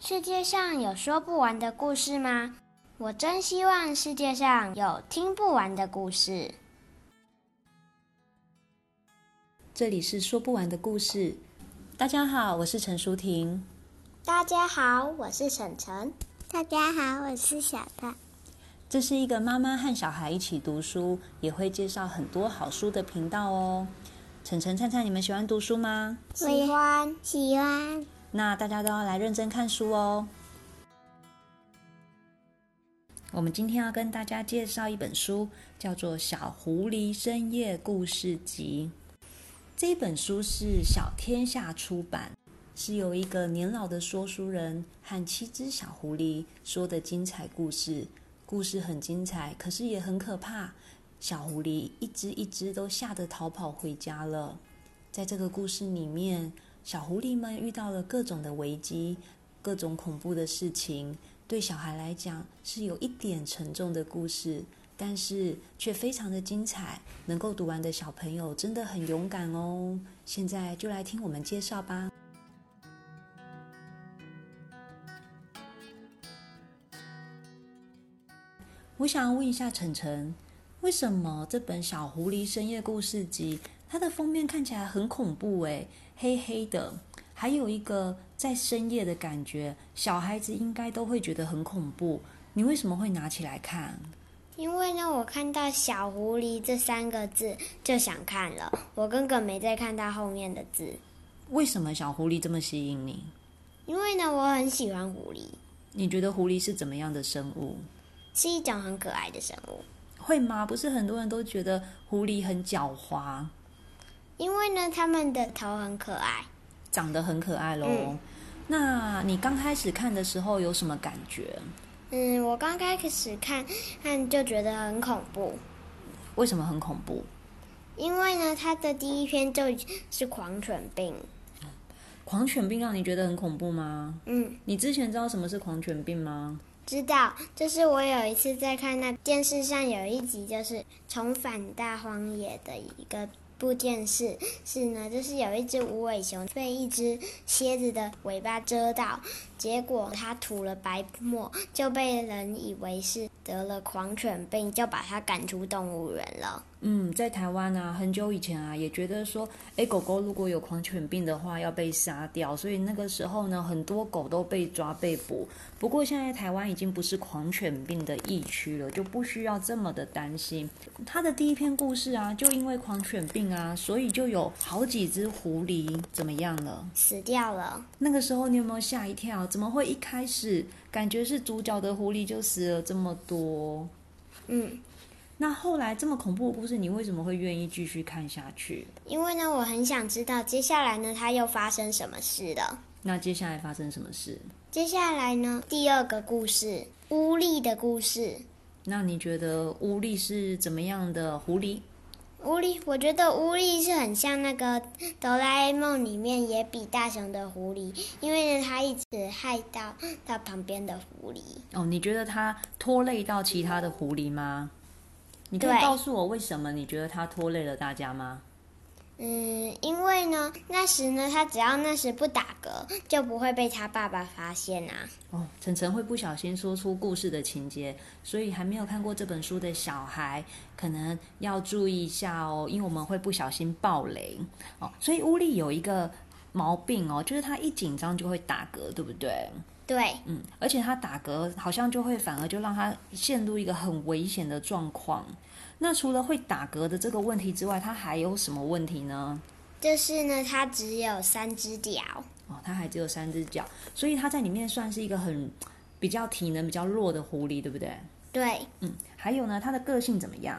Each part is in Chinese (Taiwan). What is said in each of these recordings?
世界上有說不完的故事嗎？我真希望世界上有聽不完的故事。這裡是說不完的故事。大家好，我是陳淑婷。大家好，我是澄澄。大家好，我是小燦。這是一個媽媽和小孩一起讀書，也會介紹很多好書的頻道哦。澄澄、燦燦，你們喜歡讀書嗎？喜歡，喜歡。那大家都要來認真看書哦。我們今天要跟大家介紹一本書，叫做《小狐狸深夜故事集》。這本書是小天下出版，是由一個年老的說書人和七隻小狐狸說的精彩故事。故事很精彩，可是也很可怕。小狐狸一隻一隻都嚇得逃跑回家了。在這個故事裡面。小狐狸們遇到了各種的危機，各種恐怖的事情，對小孩來講是有一點沉重的故事，但是卻非常的精彩。能夠讀完的小朋友真的很勇敢哦！現在就來聽我們介紹吧。我想要問一下澄澄，為什麼這本《小狐狸深夜故事集》？它的封面看起來很恐怖耶，黑黑的，還有一個在深夜的感覺，小孩子應該都會覺得很恐怖。你為什麼會拿起來看？因為呢，我看到“小狐狸”這三個字就想看了。我根本沒在看到後面的字。為什麼“小狐狸”這麼吸引你？因為呢，我很喜歡狐狸。你覺得狐狸是怎麼樣的生物？是一種很可愛的生物。會嗎？不是很多人都覺得狐狸很狡猾？因為呢，他們的頭很可愛，長得很可愛嘍。嗯、那你剛開始看的時候有什麼感覺？嗯，我剛開始看，看就覺得很恐怖。為什麼很恐怖？因為呢，他的第一篇就是狂犬病。狂犬病讓、啊、你覺得很恐怖嗎？嗯。你之前知道什麼是狂犬病嗎？知道，就是我有一次在看那電視上有一集，就是重返大荒野的一個部電視是呢，就是有一隻無尾熊被一隻蠍子的尾巴螫到。結果它吐了白沫，就被人以為是得了狂犬病，就把它趕出動物園了。嗯，在台灣啊，很久以前啊，也覺得說，哎，狗狗如果有狂犬病的話，要被殺掉。所以那個時候呢，很多狗都被抓被捕。不過現在台灣已經不是狂犬病的疫區了，就不需要這麼的擔心。他的第一篇故事啊，就因為狂犬病啊，所以就有好幾隻狐狸怎麼樣了？死掉了。那個時候你有沒有嚇一跳？怎麼會一開始感覺是主角的狐狸就死了這麼多？嗯，那後來這麼恐怖的故事，你為什麼會願意繼續看下去？因為呢，我很想知道接下來呢，它又發生什麼事了。那接下來發生什麼事？接下來呢，第二個故事，烏力的故事。那你覺得烏力是怎麼樣的狐狸？狐狸，我覺得狐狸是很像那個《哆啦 A 夢》裡面野比大雄的狐狸，因為呢，他一直害到他旁邊的狐狸。哦，你覺得他拖累到其他的狐狸嗎？你可以告訴我為什麼你覺得他拖累了大家嗎？嗯，因為呢，那時呢，他只要那時不打嗝，就不會被他爸爸發現啊。哦，澄澄會不小心說出故事的情節，所以還沒有看過這本書的小孩可能要注意一下哦，因為我們會不小心暴雷哦。所以烏力有一個毛病哦，就是他一緊張就會打嗝，對不對？對，嗯，而且它打嗝好像就會反而就讓它陷入一個很危險的狀況。那除了會打嗝的這個問題之外，它還有什麼問題呢？就是呢，它只有三隻腳。哦，它還只有三隻腳，所以它在裡面算是一個很比較體能，比較弱的狐狸，對不對？對，嗯，還有呢，它的個性怎麼樣？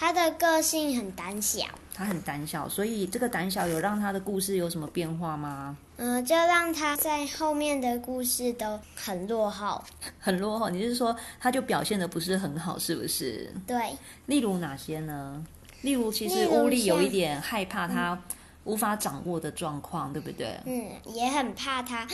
他的個性很膽小，他很膽小，所以這個膽小有讓他的故事有什麼變化嗎？嗯，就讓他在後面的故事都很落後，很落後。你是說他就表現得不是很好，是不是？對。例如哪些呢？例如，其實烏力有一點害怕他無法掌握的狀況，嗯、對不對？嗯，也很怕他，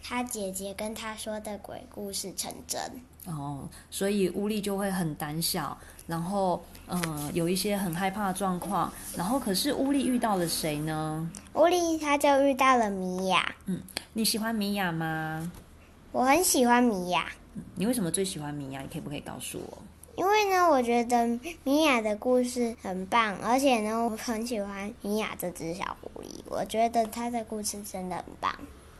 他姐姐跟他說的鬼故事成真。哦，所以烏力就會很膽小，然後嗯，有一些很害怕的狀況。然後可是烏力遇到了誰呢？烏力他就遇到了米婭。嗯，你喜歡米婭嗎？我很喜歡米婭。嗯，你為什麼最喜歡米婭？你可以不可以告訴我？因為呢，我覺得米婭的故事很棒，而且呢，我很喜歡米婭這隻小狐狸。我覺得它的故事真的很棒。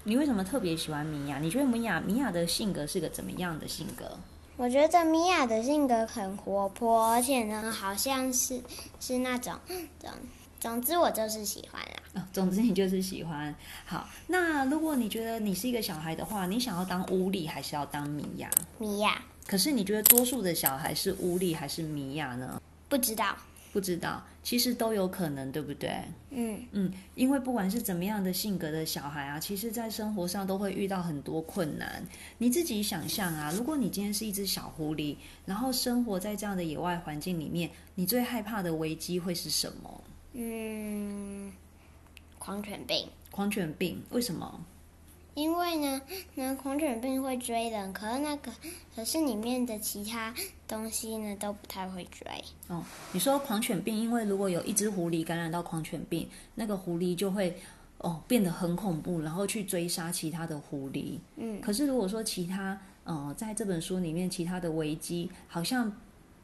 你為什麼特別喜歡米婭？你覺得米婭米婭的性格是個怎麼樣的性格？我覺得米婭的性格很活潑，而且呢，好像是是那種總總之我就是喜歡啦。哦，總之你就是喜歡。好，那如果你覺得你是一個小孩的話，你想要當烏利還是要當米婭？米婭。可是你覺得多數的小孩是烏利還是米婭呢？不知道。不知道，其實都有可能，對不對？嗯嗯，因為不管是怎麼樣的性格的小孩啊，其實，在生活上都會遇到很多困難。你自己想象啊，如果你今天是一隻小狐狸，然後生活在這樣的野外環境裡面，你最害怕的危機會是什麼？嗯，狂犬病。狂犬病？為什麼？因為呢，那狂犬病會追人，可是那個可是裡面的其他。東西呢都不太會追哦。你說狂犬病，因為如果有一隻狐狸感染到狂犬病，那個狐狸就會哦變得很恐怖，然後去追殺其他的狐狸。嗯，可是如果說其他呃，在這本書裡面其他的危機，好像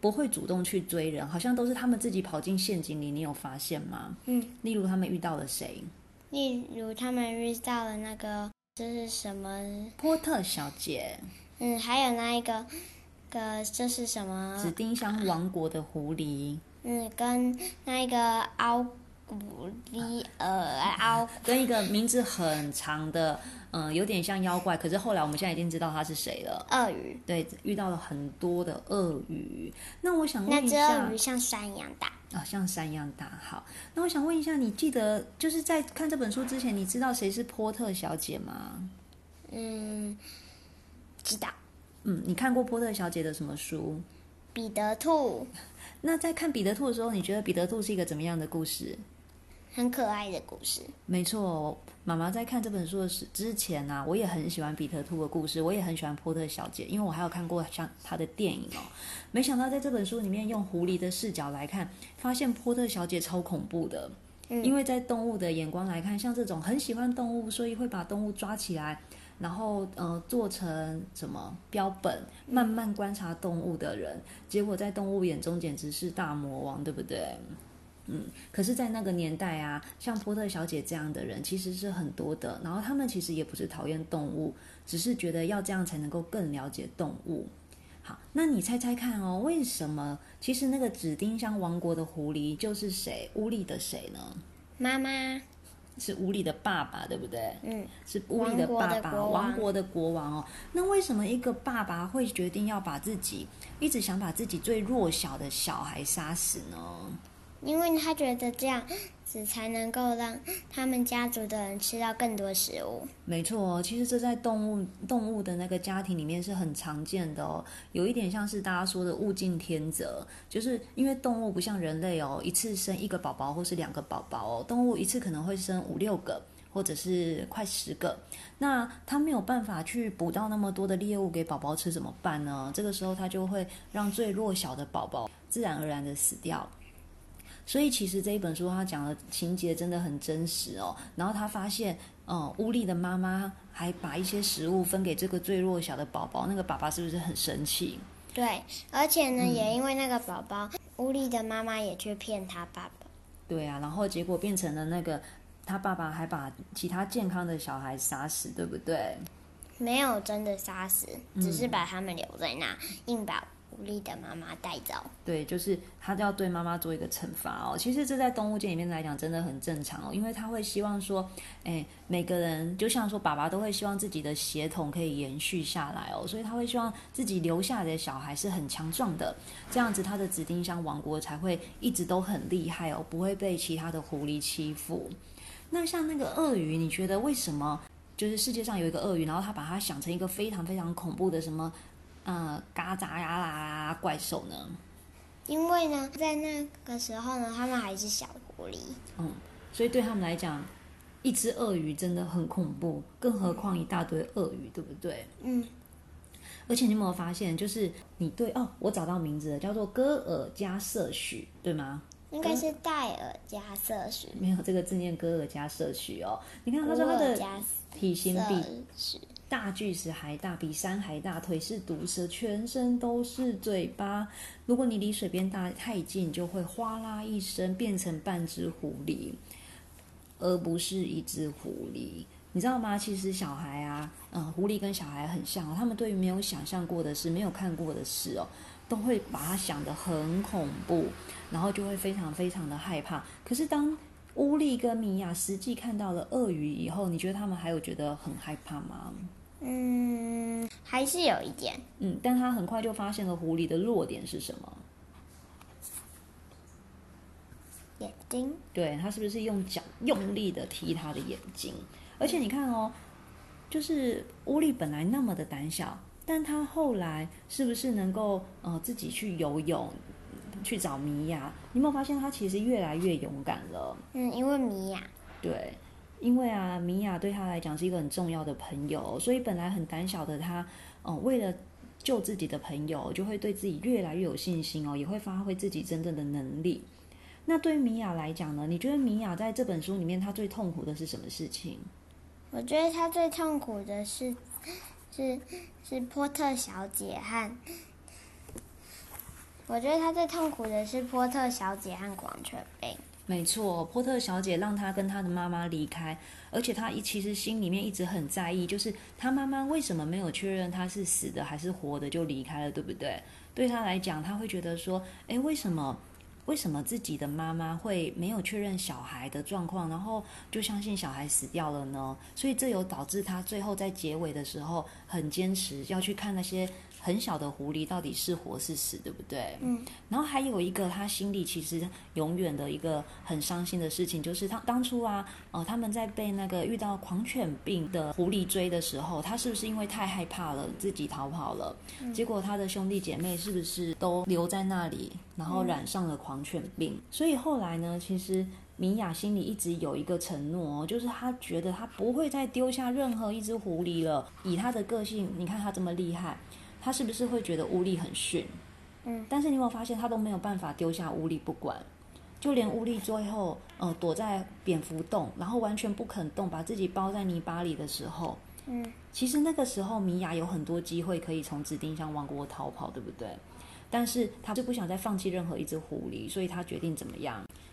不會主動去追人，好像都是他們自己跑進陷阱裡。你有發現嗎？嗯，例如他們遇到了誰？例如他們遇到了那個這是什麼？波特小姐。嗯，還有那一個。個這是什麼？紫丁香王國的狐狸。嗯，跟那個奧古利爾奧跟一個名字很長的， 嗯，有點像妖怪，可是後來我們現在已經知道他是誰了。鱷魚。對，遇到了很多的鱷魚。那我想問一下，那只鱷魚像山一樣大啊，哦？像山一樣大。好，那我想問一下，你記得就是在看這本書之前，你知道誰是波特小姐嗎？嗯，知道。嗯，你看過波特小姐的什麼書？彼得兔。那在看彼得兔的時候，你覺得彼得兔是一個怎麼樣的故事？很可愛的故事。沒錯哦，媽媽在看這本書的之前啊，我也很喜歡彼得兔的故事，我也很喜歡波特小姐，因為我還有看過像她的電影哦。沒想到在這本書裡面，用狐狸的視角來看，發現波特小姐超恐怖的，嗯，因為在動物的眼光來看，像這種很喜歡動物，所以會把動物抓起來。然後，呃，做成什麼標本，慢慢觀察動物的人，結果在動物眼中簡直是大魔王，對不對？嗯。可是，在那個年代啊，像波特小姐這樣的人其實是很多的。然後，他們其實也不是討厭動物，只是覺得要這樣才能夠更了解動物。好，那你猜猜看哦，為什麼其實那個紫丁香王國的狐狸就是誰屋裡的誰呢？媽媽。是無理的爸爸，對不對？嗯，是無理的爸爸，王國的國王，王國的國王哦。那為什麼一個爸爸會決定要把自己一直想把自己最弱小的小孩殺死呢？因為他覺得這樣。才能夠讓他們家族的人吃到更多食物。沒錯，其實這在動物動物的那個家庭裡面是很常見的哦。有一點像是大家說的物競天擇，就是因為動物不像人類哦，一次生一個寶寶或是兩個寶寶哦，動物一次可能會生五六個或者是快十個，那它沒有辦法去捕到那麼多的獵物給寶寶吃怎麼辦呢？這個時候它就會讓最弱小的寶寶自然而然的死掉。所以其實這一本書他講的情節真的很真實哦。然後他發現，嗯、呃，烏力的媽媽還把一些食物分給這個最弱小的寶寶，那個爸爸是不是很生氣？對，而且呢，嗯、也因為那個寶寶，烏力的媽媽也去騙他爸爸。對啊，然後結果變成了那個，他爸爸還把其他健康的小孩殺死，對不對？沒有真的殺死，嗯、只是把他們留在那硬，硬把。狐狸的媽媽帶走，對，就是他要對媽媽做一個懲罰哦。其實這在動物界裡面來講真的很正常哦，因為他會希望說，誒，每個人就像說爸爸都會希望自己的血統可以延續下來哦，所以他會希望自己留下來的小孩是很強壯的，這樣子他的紫丁香王國才會一直都很厲害哦，不會被其他的狐狸欺負。那像那個鱷魚，你覺得為什麼？就是世界上有一個鱷魚，然後他把它想成一個非常非常恐怖的什麼？啊、呃，嘎紮呀啦，怪獸呢？因為呢，在那個時候呢，他們還是小狐狸。嗯，所以對他們來講，一隻鱷魚真的很恐怖，更何況一大堆鱷魚，嗯、對不對？嗯。而且你有沒有發現，就是你對哦，我找到名字了，叫做，戈爾加瑟許，對嗎？應該是戴爾加攝取，嗯，沒有這個字唸哥爾加攝取」哦。你看，他說他的體型比大巨石還大，比山還大，腿是毒蛇，全身都是嘴巴。如果你離水邊大太近，就會嘩啦一聲變成半隻狐狸，而不是一隻狐狸，你知道嗎？其實小孩啊，嗯、呃，狐狸跟小孩很像，哦，他們對於沒有想象過的事，沒有看過的事哦。都會把它想得很恐怖，然後就會非常非常的害怕。可是當烏利跟米婭實際看到了鱷魚以後，你覺得他們還有覺得很害怕嗎？嗯，還是有一點。嗯，但他很快就發現了狐狸的弱點是什麼？眼睛。對，他是不是用腳用力的踢他的眼睛？嗯。而且你看哦，就是烏利本來那麼的膽小。但他後來是不是能夠呃自己去游泳，去找米婭？你有沒有發現他其實越來越勇敢了？嗯，因為米婭。對，因為啊，米婭對他來講是一個很重要的朋友，所以本來很膽小的他，嗯、呃，為了救自己的朋友，就會對自己越來越有信心哦，也會發揮自己真正的能力。那對於米婭來講呢？你覺得米婭在這本書裡面，他最痛苦的是什麼事情？我覺得他最痛苦的是。是是波特小姐和，我覺得他最痛苦的是波特小姐和狂犬病。沒錯，波特小姐讓他跟他的媽媽離開，而且他一其實心裡面一直很在意，就是他媽媽為什麼沒有確認他是死的還是活的就離開了，對不對？對他來講，他會覺得說，誒，為什麼？為什麼自己的媽媽會沒有確認小孩的狀況，然後就相信小孩死掉了呢？所以這有導致他最後在結尾的時候很堅持要去看那些。很小的狐狸到底是活是死，對不對？嗯。然後還有一個，他心裡其實永遠的一個很傷心的事情，就是他當初啊，呃，他們在被那個遇到狂犬病的狐狸追的時候，他是不是因為太害怕了自己逃跑了？嗯。結果他的兄弟姐妹是不是都留在那裡，然後染上了狂犬病？嗯。所以後來呢，其實米雅心裡一直有一個承諾、哦，就是他覺得他不會再丟下任何一只狐狸了。以他的個性，你看他這麼厲害。他是不是會覺得烏力很遜？嗯，但是你有沒有發現他都沒有辦法丟下烏力不管，就連烏力最後呃躲在蝙蝠洞，然後完全不肯動，把自己包在泥巴裡的時候，嗯，其實那個時候米婭有很多機會可以從紫丁香王國逃跑，對不對？但是他就不想再放棄任何一隻狐狸，所以他決定怎麼樣，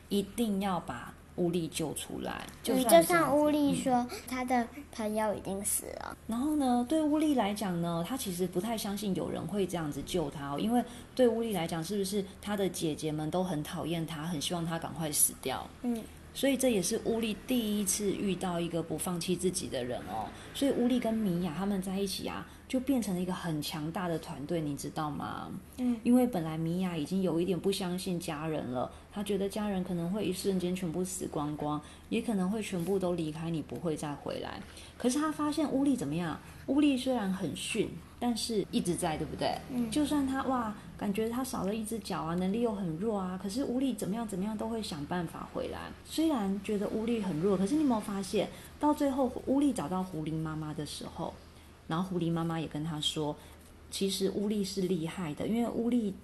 一定要把。烏力救出來，就嗯，就像烏力說、嗯、他的朋友已經死了，然後呢，對烏力來講呢，他其實不太相信有人會這樣子救他、哦，因為對烏力來講，是不是他的姐姐們都很討厭他，很希望他趕快死掉？嗯。所以這也是烏力第一次遇到一個不放棄自己的人哦。所以烏力跟米婭他們在一起啊，就變成了一個很強大的團隊，你知道嗎？嗯，因為本來米婭已經有一點不相信家人了，她覺得家人可能會一瞬間全部死光光，也可能會全部都離開你，不會再回來。可是她發現烏力怎麼樣？烏力雖然很遜，但是一直在，對不對？嗯，就算他哇，感覺他少了一隻腳啊，能力又很弱啊，可是烏力怎麼樣怎麼樣都會想辦法回來。雖然覺得烏力很弱，可是你有沒有發現，到最後烏力找到狐狸媽媽的時候，然後狐狸媽媽也跟他說，其實烏力是厲害的，因為烏力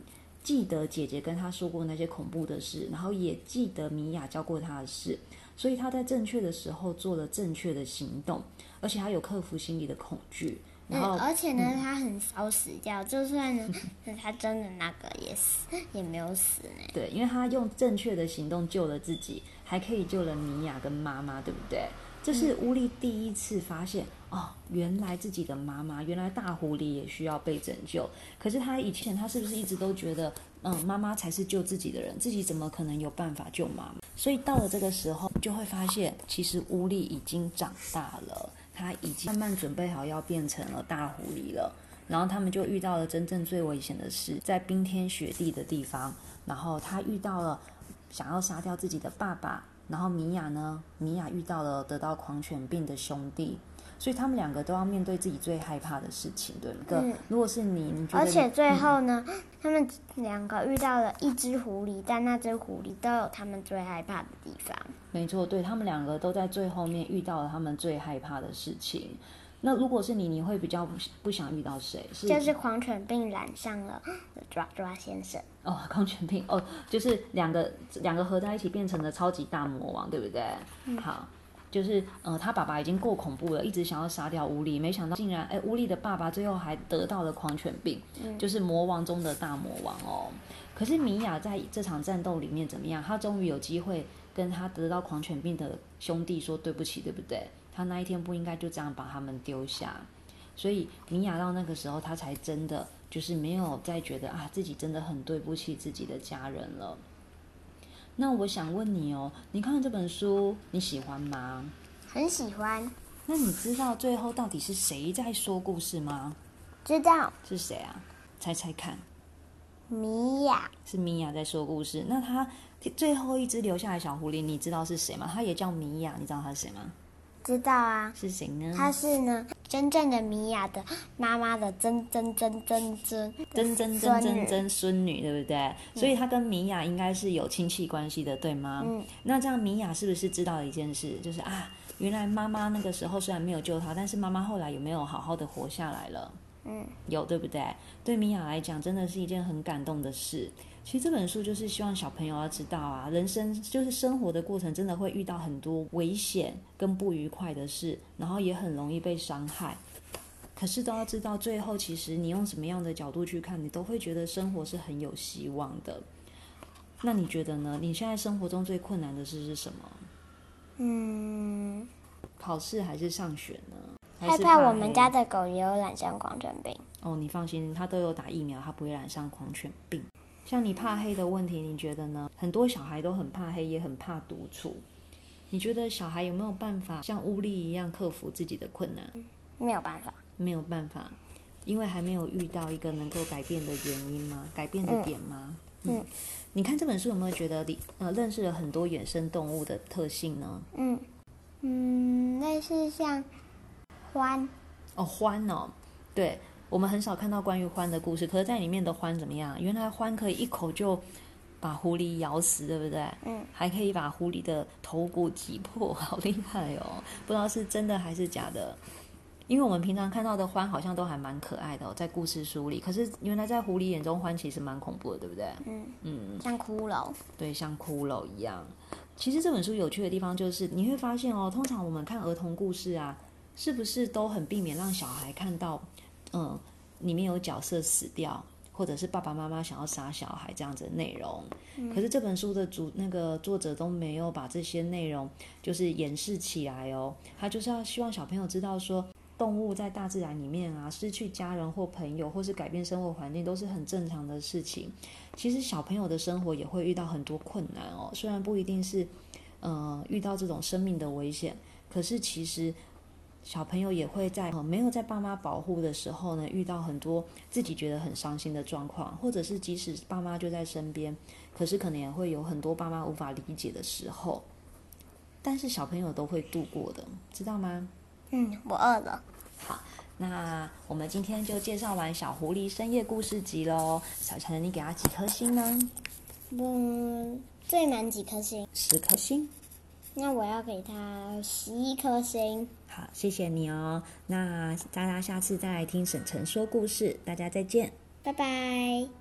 記得姐姐跟他說過那些恐怖的事，然後也記得米婭教過他的事，所以他在正確的時候做了正確的行動。而且他有克服心理的恐懼，嗯、然後而且呢，嗯、他很少死掉，就算 他真的那個也死，也沒有死呢。對，因為他用正確的行動救了自己，還可以救了尼雅跟媽媽，對不對？這是烏利第一次發現、嗯、哦，原來自己的媽媽，原來大狐狸也需要被拯救。可是他以前他是不是一直都覺得，嗯，媽媽才是救自己的人，自己怎麼可能有辦法救媽媽？所以到了這個時候，就會發現，其實烏利已經長大了。他已經慢慢準備好要變成了大狐狸了，然後他們就遇到了真正最危險的事，在冰天雪地的地方，然後他遇到了想要殺掉自己的爸爸，然後米婭呢，米婭遇到了得到狂犬病的兄弟。所以他們兩個都要面對自己最害怕的事情，對不對？嗯，如果是你，你覺得？而且最後呢，嗯，他們兩個遇到了一隻狐狸，但那隻狐狸都有他們最害怕的地方。沒錯，對他們兩個都在最後面遇到了他們最害怕的事情。那如果是你，你會比較不，不想遇到誰？是就是狂犬病染上了抓抓先生。哦，狂犬病哦，就是兩個兩個合在一起變成了超級大魔王，對不對？嗯。好。就是，呃，他爸爸已經夠恐怖了，一直想要殺掉烏力。沒想到竟然，誒，烏力的爸爸最後還得到了狂犬病，嗯、就是魔王中的大魔王哦。可是米雅在這場戰鬥裡面怎麼樣？他終於有機會跟他得到狂犬病的兄弟說對不起，對不對？他那一天不應該就這樣把他們丟下，所以米雅到那個時候，他才真的就是沒有再覺得啊，自己真的很對不起自己的家人了。那我想問你哦，你看這本書你喜歡嗎？很喜歡。那你知道最後到底是誰在說故事嗎？知道。是誰啊？猜猜看。米婭。是米婭在說故事。那他最後一隻留下來小狐狸，你知道是誰嗎？他也叫米婭，你知道他是誰嗎？知道啊，是誰呢？她是呢，真正的米婭的媽媽的真真真真真真真真真真，真，真真真真真真孫女，對不對？嗯，所以她跟米婭應該是有親戚關係的，對嗎？嗯，那這樣米婭是不是知道一件事，就是啊，原來媽媽那個時候雖然沒有救她，但是媽媽後來有沒有好好的活下來了？嗯，有，對不對？對米婭來講，真的是一件很感動的事。其實這本書就是希望小朋友要知道啊，人生就是生活的過程，真的會遇到很多危險跟不愉快的事，然後也很容易被傷害。可是都要知道，最後其實你用什麼樣的角度去看，你都會覺得生活是很有希望的。那你覺得呢？你現在生活中最困難的事是什麼？嗯，考試還是上學呢？害怕我們家的狗也有染上狂犬病？哦，你放心，它都有打疫苗，它不會染上狂犬病。像你怕黑的問題，你覺得呢？很多小孩都很怕黑，也很怕獨處。你覺得小孩有沒有辦法像烏力一樣克服自己的困難？嗯、沒有辦法，沒有辦法，因為還沒有遇到一個能夠改變的原因嗎？改變的點嗎？嗯，嗯，嗯，你看這本書有沒有覺得你呃認識了很多野生動物的特性呢？嗯嗯，類似像獾哦，獾哦，對。我們很少看到關於獾的故事，可是，在裡面的獾怎麼樣？原來獾可以一口就把狐狸咬死，對不對？嗯，還可以把狐狸的頭骨擠破，好厲害哦！不知道是真的還是假的，因為我們平常看到的獾好像都還蠻可愛的哦，在故事書裡。可是，原來在狐狸眼中，獾其實蠻恐怖的，對不對？嗯嗯，嗯，像骷髏。對，像骷髏一樣。其實這本書有趣的地方就是，你會發現哦，通常我們看兒童故事啊，是不是都很避免讓小孩看到？嗯，裡面有角色死掉，或者是爸爸媽媽想要殺小孩這樣子的內容，嗯、可是這本書的主那個作者都沒有把這些內容就是掩飾起來哦，他就是要希望小朋友知道說，動物在大自然裡面啊，失去家人或朋友，或是改變生活環境都是很正常的事情。其實小朋友的生活也會遇到很多困難哦，雖然不一定是，嗯、呃，遇到這種生命的危險，可是其實。小朋友也會在沒有在爸媽保護的時候呢，遇到很多自己覺得很傷心的狀況，或者是即使爸媽就在身邊，可是可能也會有很多爸媽無法理解的時候。但是小朋友都會度過的，知道嗎？嗯，我餓了。好，那我們今天就介紹完小狐狸深夜故事集嘍。小澄，你給他幾顆星呢？嗯，最難幾顆星？十顆星。那我要給他十一顆星。好，謝謝你哦。那大家下次再來聽沈晨說故事，大家再見，拜拜。